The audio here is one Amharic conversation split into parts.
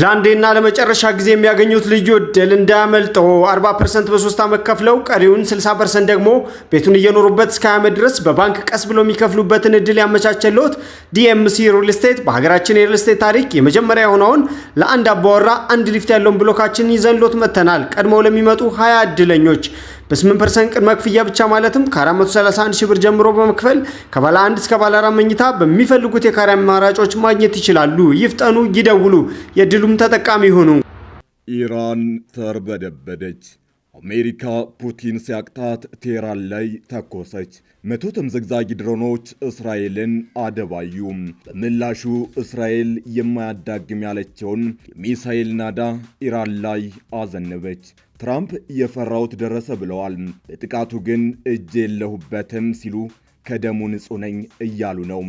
ለአንዴና ለመጨረሻ ጊዜ የሚያገኙት ልዩ እድል እንዳያመልጠው 40 ፐርሰንት በሶስት ዓመት ከፍለው ቀሪውን 60 ፐርሰንት ደግሞ ቤቱን እየኖሩበት እስከ ዓመት ድረስ በባንክ ቀስ ብሎ የሚከፍሉበትን እድል ያመቻቸልዎት ዲኤምሲ ሪል ስቴት በሀገራችን የሪል ስቴት ታሪክ የመጀመሪያ የሆነውን ለአንድ አባወራ አንድ ሊፍት ያለውን ብሎካችን ይዘንሎት መጥተናል። ቀድመው ለሚመጡ ሀያ እድለኞች በ8 ቅድመ ክፍያ ብቻ ማለትም ከ431 ሺህ ብር ጀምሮ በመክፈል ከባለ 1 እስከ ባለ አራት መኝታ በሚፈልጉት የካሬ አማራጮች ማግኘት ይችላሉ። ይፍጠኑ፣ ይደውሉ፣ የድሉም ተጠቃሚ ይሆኑ ኢራን ተርበደበደች። አሜሪካ ፑቲን ሲያቅታት ቴህራን ላይ ተኮሰች። መቶ ተምዘግዛጊ ድሮኖች እስራኤልን አደባዩ። በምላሹ እስራኤል የማያዳግም ያለችውን የሚሳኤል ናዳ ኢራን ላይ አዘነበች። ትራምፕ የፈራሁት ደረሰ ብለዋል። በጥቃቱ ግን እጅ የለሁበትም ሲሉ ከደሙ ንጹሕ ነኝ እያሉ ነው።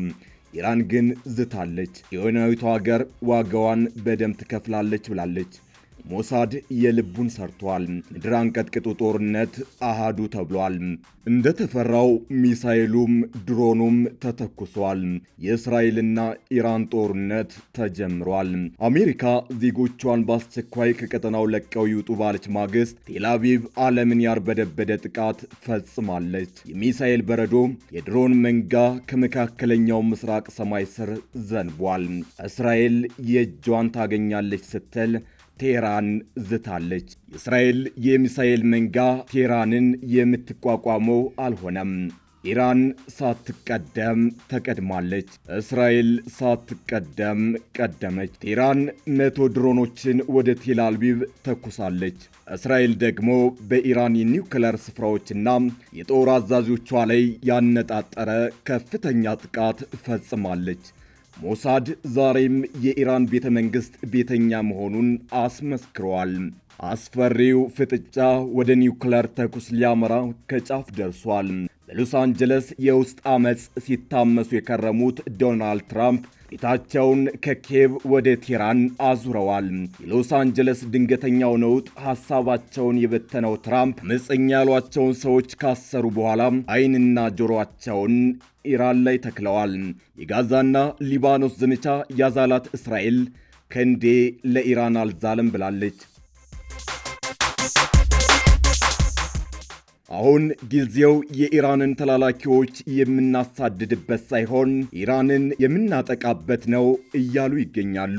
ኢራን ግን ዝታለች። የወይናዊቷ ሀገር ዋጋዋን በደም ትከፍላለች ብላለች። ሞሳድ የልቡን ሰርቷል። ምድር አንቀጥቅጡ ጦርነት አሃዱ ተብሏል። እንደተፈራው ሚሳኤሉም ድሮኑም ተተኩሷል። የእስራኤልና ኢራን ጦርነት ተጀምሯል። አሜሪካ ዜጎቿን በአስቸኳይ ከቀጠናው ለቀው ይውጡ ባለች ማግስት ቴላቪቭ ዓለምን ያርበደበደ ጥቃት ፈጽማለች። የሚሳኤል በረዶ የድሮን መንጋ ከመካከለኛው ምስራቅ ሰማይ ስር ዘንቧል። እስራኤል የእጇን ታገኛለች ስትል ቴህራን ዝታለች። የእስራኤል የሚሳኤል መንጋ ቴህራንን የምትቋቋመው አልሆነም። ኢራን ሳትቀደም ተቀድማለች። እስራኤል ሳትቀደም ቀደመች። ቴህራን መቶ ድሮኖችን ወደ ቴልአልቢብ ተኩሳለች። እስራኤል ደግሞ በኢራን የኒውክለር ስፍራዎችና የጦር አዛዦቿ ላይ ያነጣጠረ ከፍተኛ ጥቃት ፈጽማለች። ሞሳድ ዛሬም የኢራን ቤተ መንግስት ቤተኛ መሆኑን አስመስክሯል። አስፈሪው ፍጥጫ ወደ ኒውክለር ተኩስ ሊያመራ ከጫፍ ደርሷል። በሎስ አንጀለስ የውስጥ አመፅ ሲታመሱ የከረሙት ዶናልድ ትራምፕ ፊታቸውን ከኬቭ ወደ ቴህራን አዙረዋል። የሎስ አንጀለስ ድንገተኛው ነውጥ ሀሳባቸውን የበተነው ትራምፕ አመፀኛ ያሏቸውን ሰዎች ካሰሩ በኋላ አይንና ጆሮአቸውን ኢራን ላይ ተክለዋል። የጋዛና ሊባኖስ ዘመቻ ያዛላት እስራኤል ክንዴ ለኢራን አልዛለም ብላለች። አሁን ጊዜው የኢራንን ተላላኪዎች የምናሳድድበት ሳይሆን ኢራንን የምናጠቃበት ነው እያሉ ይገኛሉ።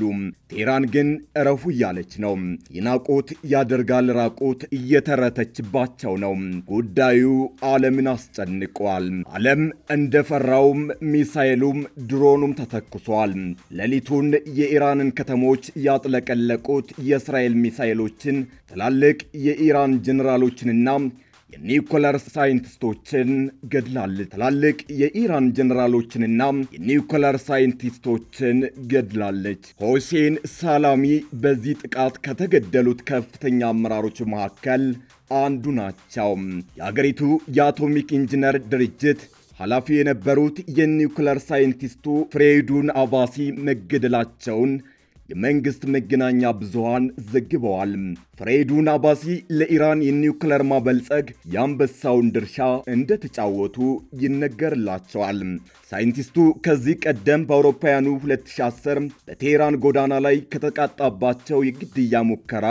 ቴህራን ግን እረፉ እያለች ነው። ይናቁት ያደርጋል ራቁት እየተረተችባቸው ነው። ጉዳዩ ዓለምን አስጨንቋል። ዓለም እንደፈራውም ሚሳይሉም ድሮኑም ተተኩሷል። ሌሊቱን የኢራንን ከተሞች ያጥለቀለቁት የእስራኤል ሚሳይሎችን ትላልቅ የኢራን ጀኔራሎችንና የኒውክለር ሳይንቲስቶችን ገድላለች። ትላልቅ የኢራን ጀኔራሎችንና የኒውክለር ሳይንቲስቶችን ገድላለች። ሆሴን ሳላሚ በዚህ ጥቃት ከተገደሉት ከፍተኛ አመራሮች መካከል አንዱ ናቸው። የአገሪቱ የአቶሚክ ኢንጂነር ድርጅት ኃላፊ የነበሩት የኒውክለር ሳይንቲስቱ ፍሬዱን አባሲ መገደላቸውን የመንግስት መገናኛ ብዙሃን ዘግበዋል። ፍሬዱን አባሲ ለኢራን የኒውክለር ማበልጸግ የአንበሳውን ድርሻ እንደተጫወቱ ይነገርላቸዋል። ሳይንቲስቱ ከዚህ ቀደም በአውሮፓውያኑ 2010 በቴህራን ጎዳና ላይ ከተቃጣባቸው የግድያ ሙከራ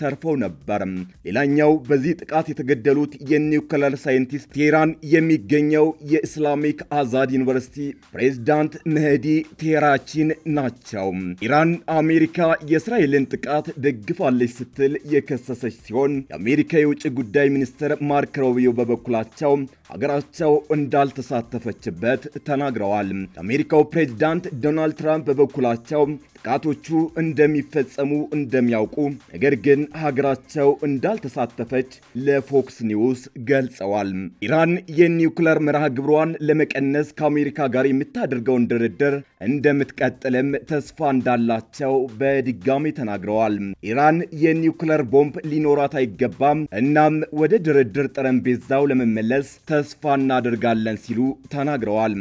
ተርፈው ነበር። ሌላኛው በዚህ ጥቃት የተገደሉት የኒውክለር ሳይንቲስት ቴህራን የሚገኘው የኢስላሚክ አዛድ ዩኒቨርሲቲ ፕሬዝዳንት መህዲ ቴራቺን ናቸው። ኢራን አሜሪካ የእስራኤልን ጥቃት ደግፋለች ስትል የከሰሰች ሲሆን የአሜሪካ የውጭ ጉዳይ ሚኒስትር ማርክ ሮቢዮ በበኩላቸው ሀገራቸው እንዳልተሳተፈችበት ተናግረዋል። የአሜሪካው ፕሬዝዳንት ዶናልድ ትራምፕ በበኩላቸው ጥቃቶቹ እንደሚፈጸሙ እንደሚያውቁ ነገር ግን ሀገራቸው እንዳልተሳተፈች ለፎክስ ኒውስ ገልጸዋል። ኢራን የኒውክለር መርሃ ግብሯን ለመቀነስ ከአሜሪካ ጋር የምታደርገውን ድርድር እንደምትቀጥልም ተስፋ እንዳላቸው በድጋሚ ተናግረዋል። ኢራን የኒውክለር ቦምብ ሊኖራት አይገባም፣ እናም ወደ ድርድር ጠረጴዛው ለመመለስ ተስፋ እናደርጋለን ሲሉ ተናግረዋል።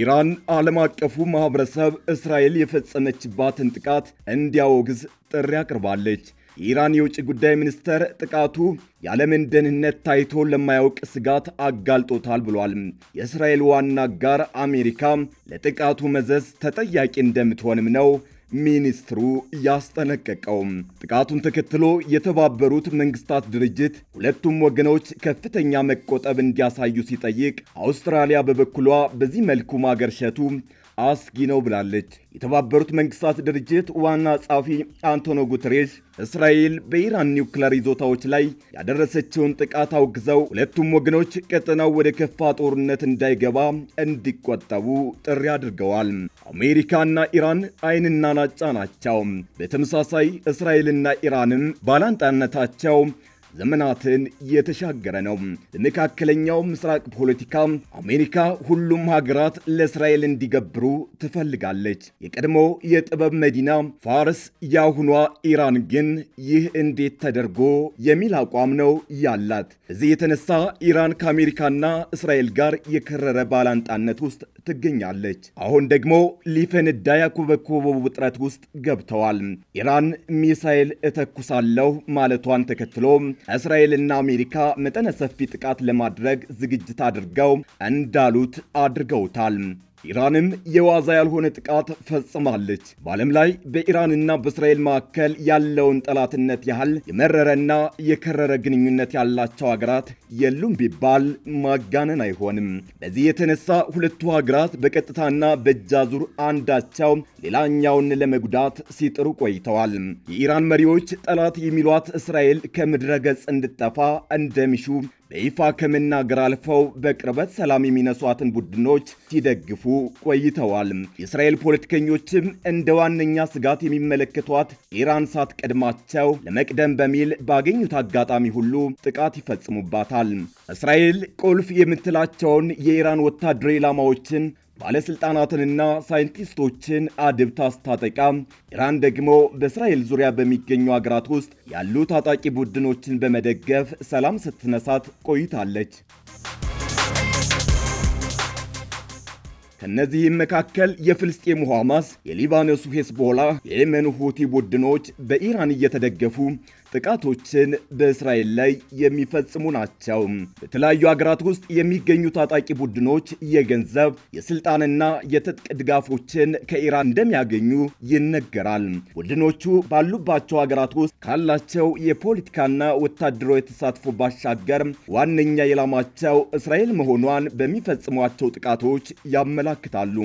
ኢራን ዓለም አቀፉ ማህበረሰብ እስራኤል የፈጸመችባትን ጥቃት እንዲያወግዝ ጥሪ አቅርባለች። የኢራን የውጭ ጉዳይ ሚኒስተር ጥቃቱ የዓለምን ደህንነት ታይቶ ለማያውቅ ስጋት አጋልጦታል ብሏል። የእስራኤል ዋና አጋር አሜሪካ ለጥቃቱ መዘዝ ተጠያቂ እንደምትሆንም ነው ሚኒስትሩ ያስጠነቀቀው። ጥቃቱን ተከትሎ የተባበሩት መንግስታት ድርጅት ሁለቱም ወገኖች ከፍተኛ መቆጠብ እንዲያሳዩ ሲጠይቅ፣ አውስትራሊያ በበኩሏ በዚህ መልኩ ማገርሸቱ አስጊ ነው ብላለች። የተባበሩት መንግስታት ድርጅት ዋና ጸሐፊ አንቶኒዮ ጉተሬስ እስራኤል በኢራን ኒውክሌር ይዞታዎች ላይ ያደረሰችውን ጥቃት አውግዘው ሁለቱም ወገኖች ቀጠናው ወደ ከፋ ጦርነት እንዳይገባ እንዲቆጠቡ ጥሪ አድርገዋል። አሜሪካና ኢራን አይንና ናጫ ናቸው። በተመሳሳይ እስራኤልና ኢራንም ባላንጣነታቸው ዘመናትን እየተሻገረ ነው። በመካከለኛው ምስራቅ ፖለቲካ አሜሪካ ሁሉም ሀገራት ለእስራኤል እንዲገብሩ ትፈልጋለች። የቀድሞ የጥበብ መዲና ፋርስ፣ የአሁኗ ኢራን ግን ይህ እንዴት ተደርጎ የሚል አቋም ነው ያላት። እዚህ የተነሳ ኢራን ከአሜሪካና እስራኤል ጋር የከረረ ባላንጣነት ውስጥ ትገኛለች። አሁን ደግሞ ሊፈነዳ ያኮበኮበው ውጥረት ውስጥ ገብተዋል። ኢራን ሚሳኤል እተኩሳለሁ ማለቷን ተከትሎ እስራኤልና አሜሪካ መጠነ ሰፊ ጥቃት ለማድረግ ዝግጅት አድርገው እንዳሉት አድርገውታል። ኢራንም የዋዛ ያልሆነ ጥቃት ፈጽማለች። በዓለም ላይ በኢራንና በእስራኤል መካከል ያለውን ጠላትነት ያህል የመረረና የከረረ ግንኙነት ያላቸው ሀገራት የሉም ቢባል ማጋነን አይሆንም። በዚህ የተነሳ ሁለቱ ሀገራት በቀጥታና በእጃዙር አንዳቸው ሌላኛውን ለመጉዳት ሲጥሩ ቆይተዋል። የኢራን መሪዎች ጠላት የሚሏት እስራኤል ከምድረ ገጽ እንድጠፋ እንደሚሹ በይፋ ከመናገር አልፈው በቅርበት ሰላም የሚነሷትን ቡድኖች ሲደግፉ ቆይተዋል። የእስራኤል ፖለቲከኞችም እንደ ዋነኛ ስጋት የሚመለከቷት ኢራን ሳትቀድማቸው ለመቅደም በሚል ባገኙት አጋጣሚ ሁሉ ጥቃት ይፈጽሙባታል። እስራኤል ቁልፍ የምትላቸውን የኢራን ወታደራዊ ኢላማዎችን ባለስልጣናትንና ሳይንቲስቶችን አድብ ታስታጠቃ ኢራን ደግሞ በእስራኤል ዙሪያ በሚገኙ አገራት ውስጥ ያሉ ታጣቂ ቡድኖችን በመደገፍ ሰላም ስትነሳት ቆይታለች። ከነዚህም መካከል የፍልስጤሙ ሐማስ፣ የሊባኖሱ ሄስቦላ የየመኑ ሁቲ ቡድኖች በኢራን እየተደገፉ ጥቃቶችን በእስራኤል ላይ የሚፈጽሙ ናቸው። በተለያዩ ሀገራት ውስጥ የሚገኙ ታጣቂ ቡድኖች የገንዘብ የስልጣንና የትጥቅ ድጋፎችን ከኢራን እንደሚያገኙ ይነገራል። ቡድኖቹ ባሉባቸው ሀገራት ውስጥ ካላቸው የፖለቲካና ወታደራዊ ተሳትፎ ባሻገር ዋነኛ ኢላማቸው እስራኤል መሆኗን በሚፈጽሟቸው ጥቃቶች ያመላክታሉ።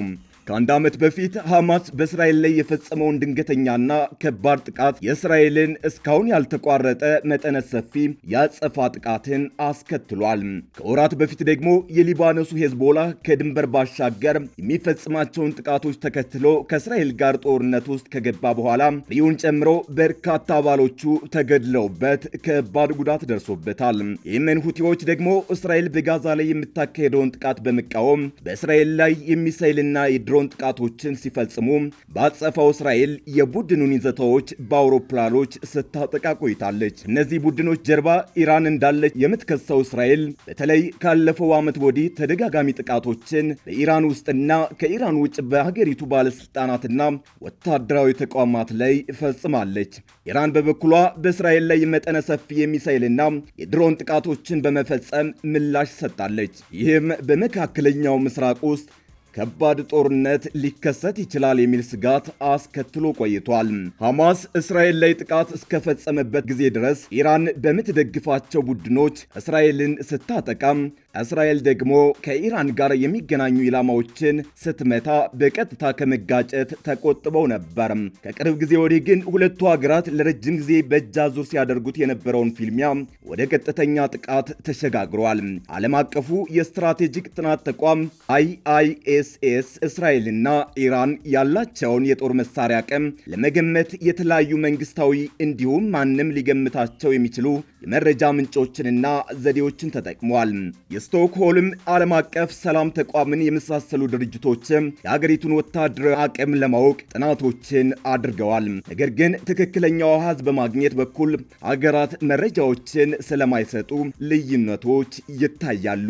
ከአንድ ዓመት በፊት ሐማስ በእስራኤል ላይ የፈጸመውን ድንገተኛና ከባድ ጥቃት የእስራኤልን እስካሁን ያልተቋረጠ መጠነ ሰፊ ያጸፋ ጥቃትን አስከትሏል። ከወራት በፊት ደግሞ የሊባኖሱ ሄዝቦላ ከድንበር ባሻገር የሚፈጽማቸውን ጥቃቶች ተከትሎ ከእስራኤል ጋር ጦርነት ውስጥ ከገባ በኋላ ሪዩን ጨምሮ በርካታ አባሎቹ ተገድለውበት ከባድ ጉዳት ደርሶበታል። የየመን ሁቲዎች ደግሞ እስራኤል በጋዛ ላይ የምታካሄደውን ጥቃት በመቃወም በእስራኤል ላይ የሚሳይልና የድሮን ጥቃቶችን ሲፈጽሙ በአጸፋው እስራኤል የቡድኑን ይዘታዎች በአውሮፕላኖች ስታጠቃ ቆይታለች። እነዚህ ቡድኖች ጀርባ ኢራን እንዳለች የምትከሰው እስራኤል በተለይ ካለፈው ዓመት ወዲህ ተደጋጋሚ ጥቃቶችን በኢራን ውስጥና ከኢራን ውጭ በሀገሪቱ ባለስልጣናትና ወታደራዊ ተቋማት ላይ ፈጽማለች። ኢራን በበኩሏ በእስራኤል ላይ መጠነ ሰፊ የሚሳይልና የድሮን ጥቃቶችን በመፈጸም ምላሽ ሰጣለች። ይህም በመካከለኛው ምስራቅ ውስጥ ከባድ ጦርነት ሊከሰት ይችላል የሚል ስጋት አስከትሎ ቆይቷል። ሐማስ እስራኤል ላይ ጥቃት እስከፈጸመበት ጊዜ ድረስ ኢራን በምትደግፋቸው ቡድኖች እስራኤልን ስታጠቃም እስራኤል ደግሞ ከኢራን ጋር የሚገናኙ ኢላማዎችን ስትመታ በቀጥታ ከመጋጨት ተቆጥበው ነበር። ከቅርብ ጊዜ ወዲህ ግን ሁለቱ ሀገራት ለረጅም ጊዜ በእጅ አዙር ሲያደርጉት የነበረውን ፊልሚያ ወደ ቀጥተኛ ጥቃት ተሸጋግሯል። ዓለም አቀፉ የስትራቴጂክ ጥናት ተቋም አይአይኤስኤስ እስራኤልና ኢራን ያላቸውን የጦር መሳሪያ አቅም ለመገመት የተለያዩ መንግስታዊ እንዲሁም ማንም ሊገምታቸው የሚችሉ የመረጃ ምንጮችንና ዘዴዎችን ተጠቅሟል። የስቶክሆልም ዓለም አቀፍ ሰላም ተቋምን የመሳሰሉ ድርጅቶች የሀገሪቱን ወታደራዊ አቅም ለማወቅ ጥናቶችን አድርገዋል። ነገር ግን ትክክለኛው አሃዝ በማግኘት በኩል አገራት መረጃዎችን ስለማይሰጡ ልዩነቶች ይታያሉ።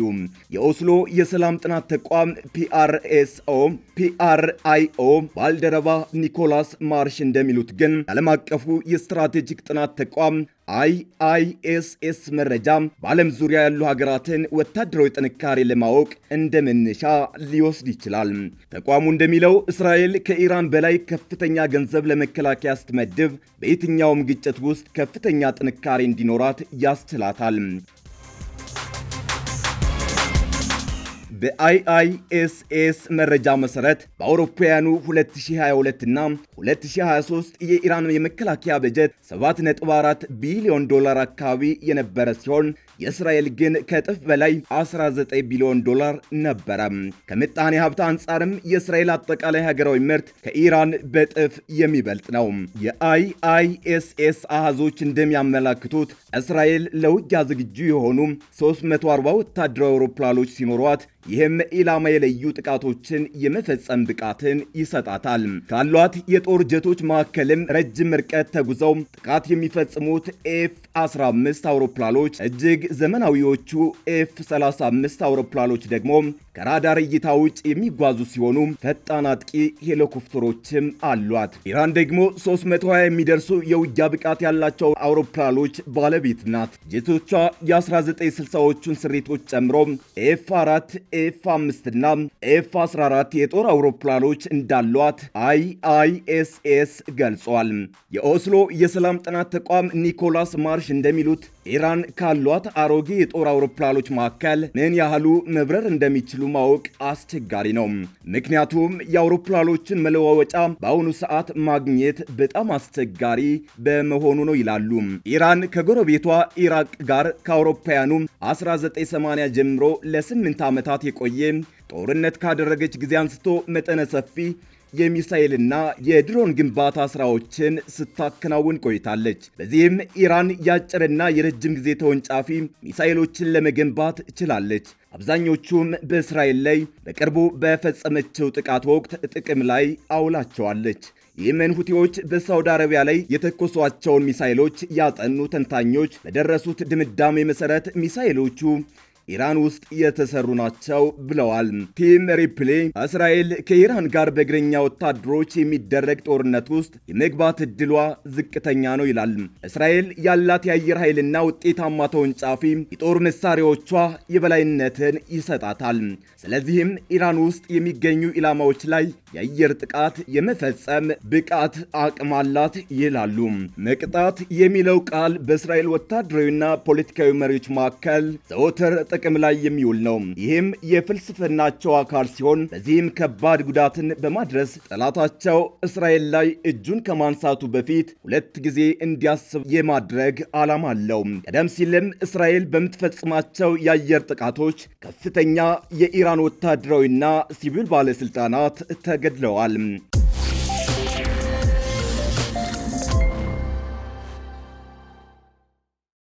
የኦስሎ የሰላም ጥናት ተቋም ፒአርኤስኦ ፒአርአይኦ ባልደረባ ኒኮላስ ማርሽ እንደሚሉት ግን የዓለም አቀፉ የስትራቴጂክ ጥናት ተቋም አይአይኤስኤስ መረጃ በዓለም ዙሪያ ያሉ ሀገራትን ወታደራዊ ጥንካሬ ለማወቅ እንደ መነሻ ሊወስድ ይችላል። ተቋሙ እንደሚለው እስራኤል ከኢራን በላይ ከፍተኛ ገንዘብ ለመከላከያ ስትመድብ በየትኛውም ግጭት ውስጥ ከፍተኛ ጥንካሬ እንዲኖራት ያስችላታል። በአይአይኤስኤስ መረጃ መሰረት በአውሮፓውያኑ 2022 እና 2023 የኢራን የመከላከያ በጀት 7.4 ቢሊዮን ዶላር አካባቢ የነበረ ሲሆን የእስራኤል ግን ከእጥፍ በላይ 19 ቢሊዮን ዶላር ነበረ። ከምጣኔ ሀብት አንጻርም የእስራኤል አጠቃላይ ሀገራዊ ምርት ከኢራን በጥፍ የሚበልጥ ነው። የአይአይኤስኤስ አሃዞች እንደሚያመላክቱት እስራኤል ለውጊያ ዝግጁ የሆኑ 340 ወታደራዊ አውሮፕላኖች ሲኖሯት ይህም ኢላማ የለዩ ጥቃቶችን የመፈጸም ብቃትን ይሰጣታል። ካሏት የጦር ጀቶች መካከልም ረጅም ርቀት ተጉዘው ጥቃት የሚፈጽሙት ኤፍ 15 አውሮፕላኖች እጅግ ዘመናዊዎቹ ኤፍ 35 አውሮፕላኖች ደግሞ ከራዳር እይታ ውጭ የሚጓዙ ሲሆኑ ፈጣን አጥቂ ሄሊኮፕተሮችም አሏት። ኢራን ደግሞ 320 የሚደርሱ የውጊያ ብቃት ያላቸው አውሮፕላኖች ባለቤት ናት። ጀቶቿ የ1960ዎቹን ስሪቶች ጨምሮ ኤፍ 4 ኤፍ 5 እና ኤፍ 14 የጦር አውሮፕላኖች እንዳሏት አይአይኤስኤስ ገልጿል። የኦስሎ የሰላም ጥናት ተቋም ኒኮላስ ማርሽ እንደሚሉት ኢራን ካሏት አሮጌ የጦር አውሮፕላኖች መካከል ምን ያህሉ መብረር እንደሚችሉ ማወቅ አስቸጋሪ ነው። ምክንያቱም የአውሮፕላኖችን መለዋወጫ በአሁኑ ሰዓት ማግኘት በጣም አስቸጋሪ በመሆኑ ነው ይላሉ። ኢራን ከጎረቤቷ ኢራቅ ጋር ከአውሮፓውያኑ 1980 ጀምሮ ለስምንት ዓመታት የቆየ ጦርነት ካደረገች ጊዜ አንስቶ መጠነ ሰፊ የሚሳኤልና የድሮን ግንባታ ስራዎችን ስታከናውን ቆይታለች። በዚህም ኢራን ያጭርና የረጅም ጊዜ ተወንጫፊ ሚሳኤሎችን ለመገንባት ችላለች። አብዛኞቹም በእስራኤል ላይ በቅርቡ በፈጸመችው ጥቃት ወቅት ጥቅም ላይ አውላቸዋለች። የየመን ሁቲዎች በሳውዲ አረቢያ ላይ የተኮሷቸውን ሚሳይሎች ያጠኑ ተንታኞች በደረሱት ድምዳሜ መሠረት ሚሳይሎቹ ኢራን ውስጥ የተሰሩ ናቸው ብለዋል። ቲም ሪፕሌ እስራኤል ከኢራን ጋር በእግረኛ ወታደሮች የሚደረግ ጦርነት ውስጥ የመግባት እድሏ ዝቅተኛ ነው ይላል። እስራኤል ያላት የአየር ኃይልና ውጤታማ ተወንጫፊ የጦር መሳሪያዎቿ የበላይነትን ይሰጣታል። ስለዚህም ኢራን ውስጥ የሚገኙ ኢላማዎች ላይ የአየር ጥቃት የመፈጸም ብቃት አቅም አላት ይላሉ። መቅጣት የሚለው ቃል በእስራኤል ወታደራዊና ፖለቲካዊ መሪዎች መካከል ዘወትር ጥቅም ላይ የሚውል ነው። ይህም የፍልስፍናቸው አካል ሲሆን በዚህም ከባድ ጉዳትን በማድረስ ጠላታቸው እስራኤል ላይ እጁን ከማንሳቱ በፊት ሁለት ጊዜ እንዲያስብ የማድረግ ዓላማ አለው። ቀደም ሲልም እስራኤል በምትፈጽማቸው የአየር ጥቃቶች ከፍተኛ የኢራን ወታደራዊና ሲቪል ባለስልጣናት ተገድለዋል።